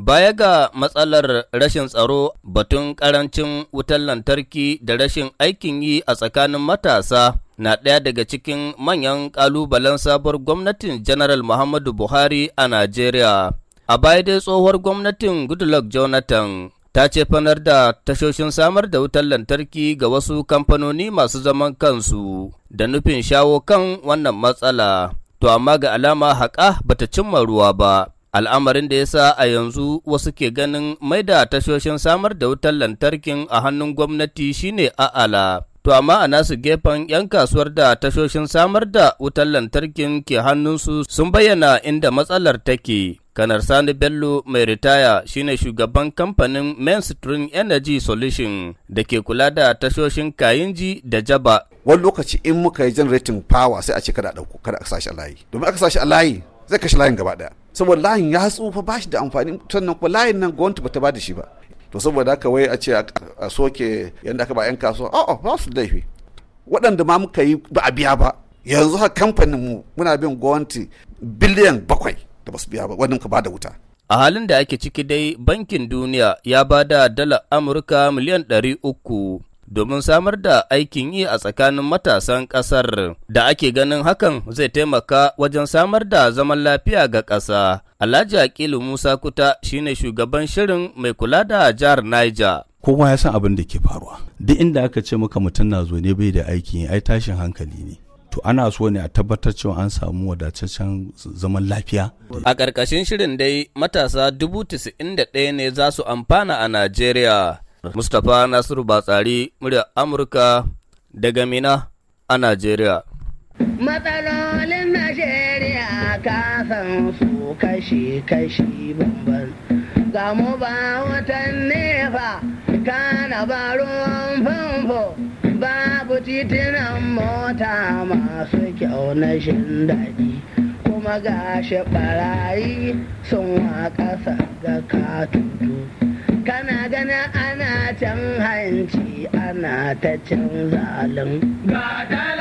Baya ga matsalar rashin tsaro batun ƙarancin wutar lantarki da rashin aikin yi a tsakanin matasa na ɗaya daga cikin manyan ƙalubalen sabuwar gwamnatin Jeneral Muhammadu Buhari a Najeriya. A baya dai tsohuwar gwamnatin Goodluck Jonathan ta ce fanar da tashoshin samar da wutar lantarki ga wasu kamfanoni masu zaman kansu da nufin shawo kan wannan matsala. To amma ga alama haƙa bata cimma ruwa ba. al'amarin da ya sa a yanzu wasu ke ganin mai da tashoshin samar da wutar lantarkin a hannun gwamnati shine a'ala. To amma a nasu gefen 'yan kasuwar da tashoshin samar da wutar lantarkin ke hannunsu sun bayyana inda matsalar take. Kanar Sani Bello mai ritaya shine shugaban kamfanin Mainstream Energy Solution da ke kula da tashoshin Kayinji da Jaba. Wani lokaci in muka yi generating power sai a ce kada a ɗauko kada a sashi a layi. Domin aka sashi a layi zai kashe layin gaba ɗaya. saboda layin ya tsufa ba shi da amfani sannan kuma layin nan gwamnati bata ba da shi ba to saboda haka wai a ce a soke yadda aka ba 'yan kasuwa a'a ba su laifi waɗanda ma muka yi ba a biya ba yanzu ha kamfanin mu muna bin gwamnati biliyan bakwai da ba su biya ba wadda muka ba da wuta a halin da ake ciki dai bankin duniya ya ba da dala amurka miliyan ɗari uku domin samar da aikin yi a tsakanin matasan ƙasar da ake ganin hakan zai taimaka wajen samar da zaman lafiya ga ƙasa. Alhaji Akilu Musa Kuta shine shugaban shirin mai kula da jihar Niger. Kowa ya san abin da ke faruwa. Duk inda aka ce maka mutum na zo ne bai da aikin yi, ai tashin hankali ne. to ana so ne a tabbatar cewa an samu wadataccen zaman lafiya. A ƙarƙashin shirin dai matasa dubu ɗaya ne za su amfana a Najeriya. Mustapha Nasiru Batsari, muryar Amurka daga Mina a Najeriya. Matsalolin Najeriya kasan su kashi-kashi bambam. Ga mu ba watan nefa, kana ba ruwan famfo, babu titinan mota masu kyau na shin daɗi. Kuma gashi barayi sun wa ƙasa ga katutu. Kana ganin ta can hanci ana ta can zalin. Ga